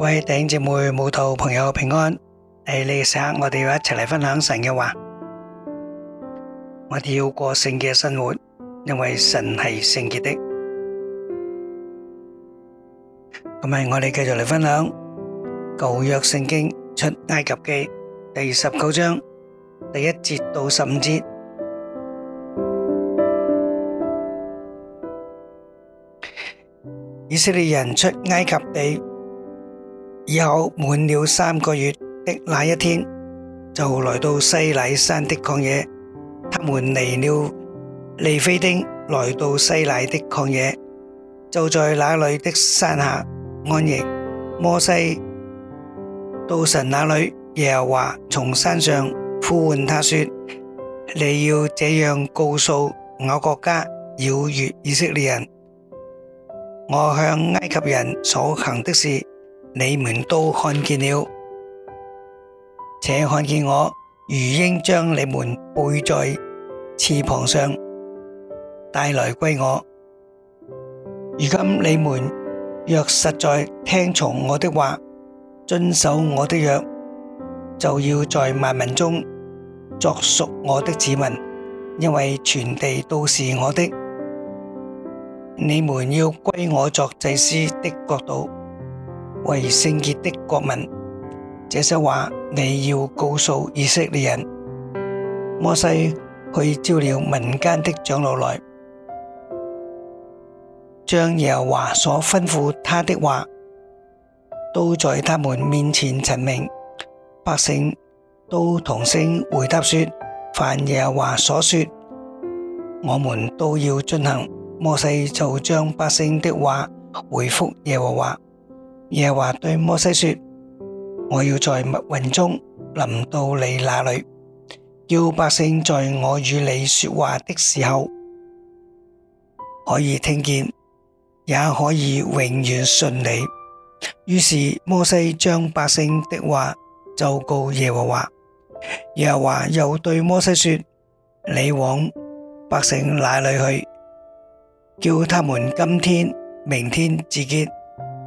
喂，弟兄姐妹、慕道朋友平安。喺呢個時刻，我哋要一齊嚟分享神嘅話，我哋要過聖潔嘅生活，因為神係聖潔的。今日我哋繼續嚟分享舊約聖經出埃及記第十九章第一節到十五節。以色列人出埃及地。以後滿了三個月的那一天，就來到西奈山的曠野，他們離了利非丁，來到西奈的曠野，就在那裏的山下安營。摩西到神那裏，耶和華從山上呼喚他說：你要這樣告訴我國家，要越以色列人，我向埃及人所行的事。你們都看見了，且看見我如鷹將你們背在翅膀上帶來歸我。如今你們若實在聽從我的話，遵守我的約，就要在萬民中作屬我的子民，因為全地都是我的。你們要歸我作祭司的國度。為聖潔的國民，這些話你要告訴以色列人。摩西去召了民間的長老來，將耶和華所吩咐他的話，都在他們面前陳明。百姓都同聲回答說：凡耶和華所說，我們都要遵行。摩西就將百姓的話回復耶和華。耶華對摩西說：我要在密雲中臨到你那裏，叫百姓在我與你說話的時候可以聽見，也可以永遠信你。於是摩西將百姓的話奏告耶和華。耶華又對摩西說：你往百姓那裏去，叫他們今天、明天自潔。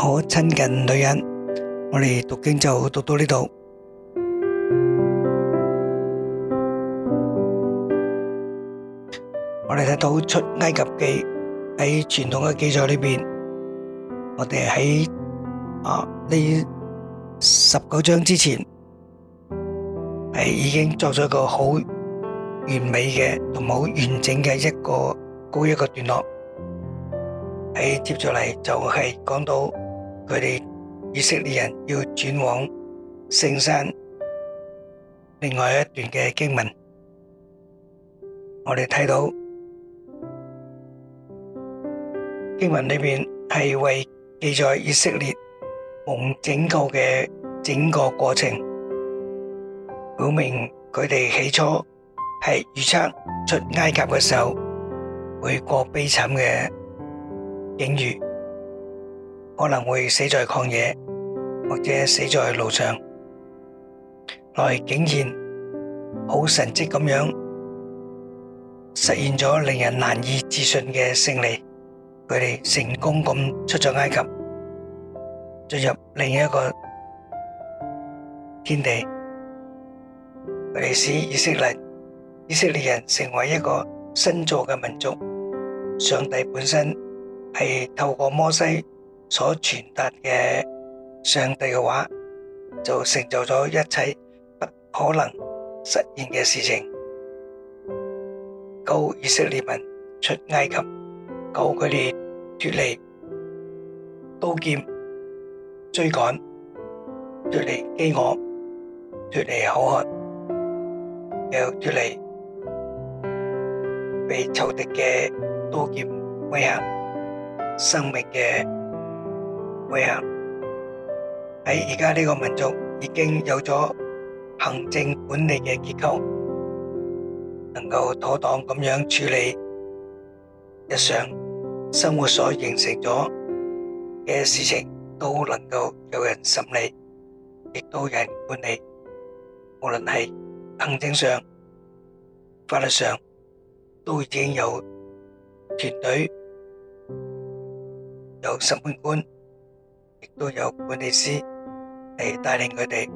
可親近女人，我哋讀經就讀到呢度。我哋睇到出埃及記喺傳統嘅記載裏面，我哋喺啊呢十九章之前係已經作咗一個好完美嘅同好完整嘅一個高一個段落，喺接着嚟就係講到。佢哋以色列人要轉往聖山，另外一段嘅經文，我哋睇到經文裡面係為記載以色列蒙拯救嘅整個過程，表明佢哋起初係預測出埃及嘅時候會過悲慘嘅境遇。可能會死在曠野，或者死在路上。佢哋，竟然好神蹟咁樣實現咗令人難以置信嘅勝利，佢哋成功咁出咗埃及，進入另一個天地，佢哋使以色列以色列人成為一個新造嘅民族。上帝本身係透過摩西。所傳達嘅上帝嘅話，就成就咗一切不可能實現嘅事情，救以色列民出埃及，救佢哋脱離刀劍追趕，脱離饑餓，脱離口渴，又脱離被仇敵嘅刀劍威嚇生命嘅。配合喺而家呢個民族已經有咗行政管理嘅機構，能夠妥當咁樣處理日常生活所形成咗嘅事情，都能夠有人審理，亦都有人管理。無論係行政上、法律上，都已經有團隊有審判官。都有管理師嚟帶領佢哋。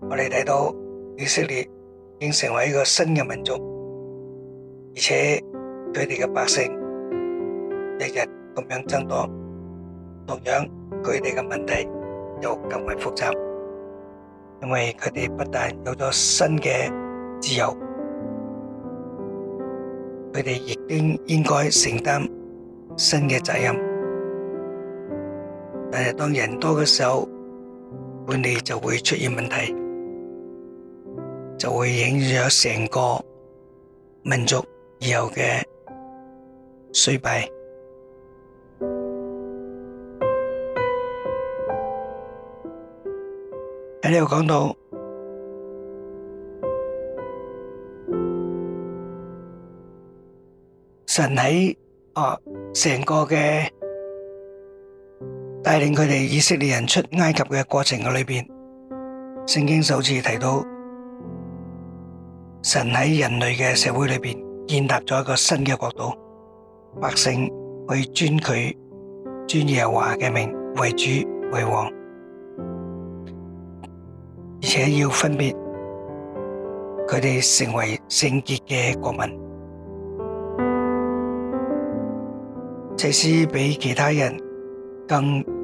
我哋睇到以色列已經成為一個新嘅民族，而且佢哋嘅百姓日日咁樣增長。同樣，佢哋嘅問題又更為複雜，因為佢哋不但有咗新嘅自由，佢哋亦應應該承擔新嘅責任。但係當人多嘅時候，管理就會出現問題，就會影響咗成個民族以後嘅衰敗。喺呢度講到神喺啊成個嘅。帶領佢哋以色列人出埃及嘅過程嘅裏邊，聖經首次提到神喺人類嘅社會裏邊建立咗一個新嘅國度，百姓去尊佢尊耶和華嘅名為主為王，而且要分別佢哋成為聖潔嘅國民，這是比其他人更。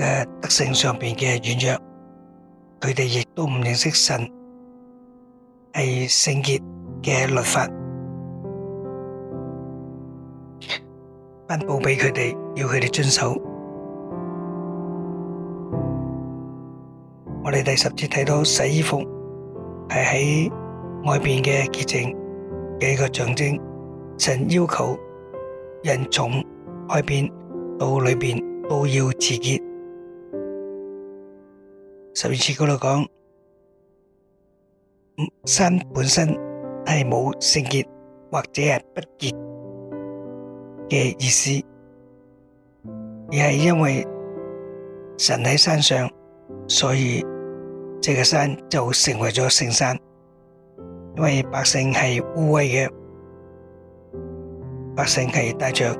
嘅德性上邊嘅軟弱，佢哋亦都唔認識神係聖潔嘅律法頒佈俾佢哋，要佢哋遵守。我哋第十節睇到洗衣服係喺外面嘅潔淨嘅一個象徵，神要求人從外面到裏面都要自潔。十二次嗰度講，山本身係冇聖潔或者係不潔嘅意思，而係因為神喺山上，所以這個山就成為咗聖山。因為百姓係污穢嘅，百姓係帶着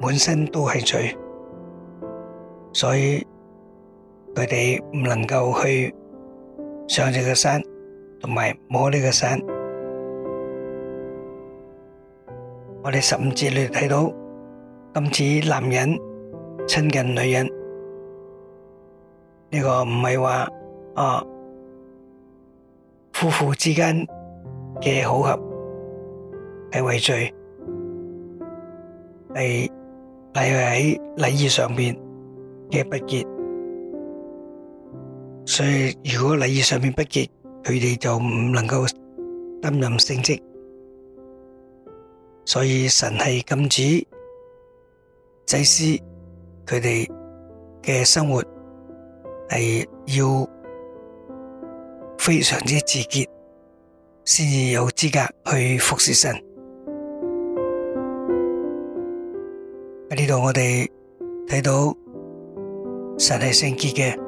滿身都係罪，所以。佢哋唔能夠去上住個山，同埋摸呢個山。我哋十五節裏睇到禁止男人親近女人呢，這個唔係話哦，夫婦之間嘅好合係違罪，係係喺禮儀上邊嘅不潔。所以，如果禮儀上面不潔，佢哋就唔能夠擔任聖職。所以神係禁止祭司佢哋嘅生活係要非常之自潔，先至有資格去服侍神。喺呢度我哋睇到神係聖潔嘅。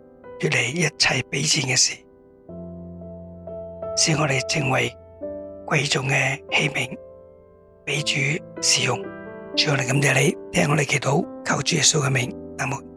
脫離一切卑賤嘅事，使我哋成為貴重嘅器皿俾主使用。主，我哋感謝你，聽我哋祈禱，求主耶穌嘅名。阿門。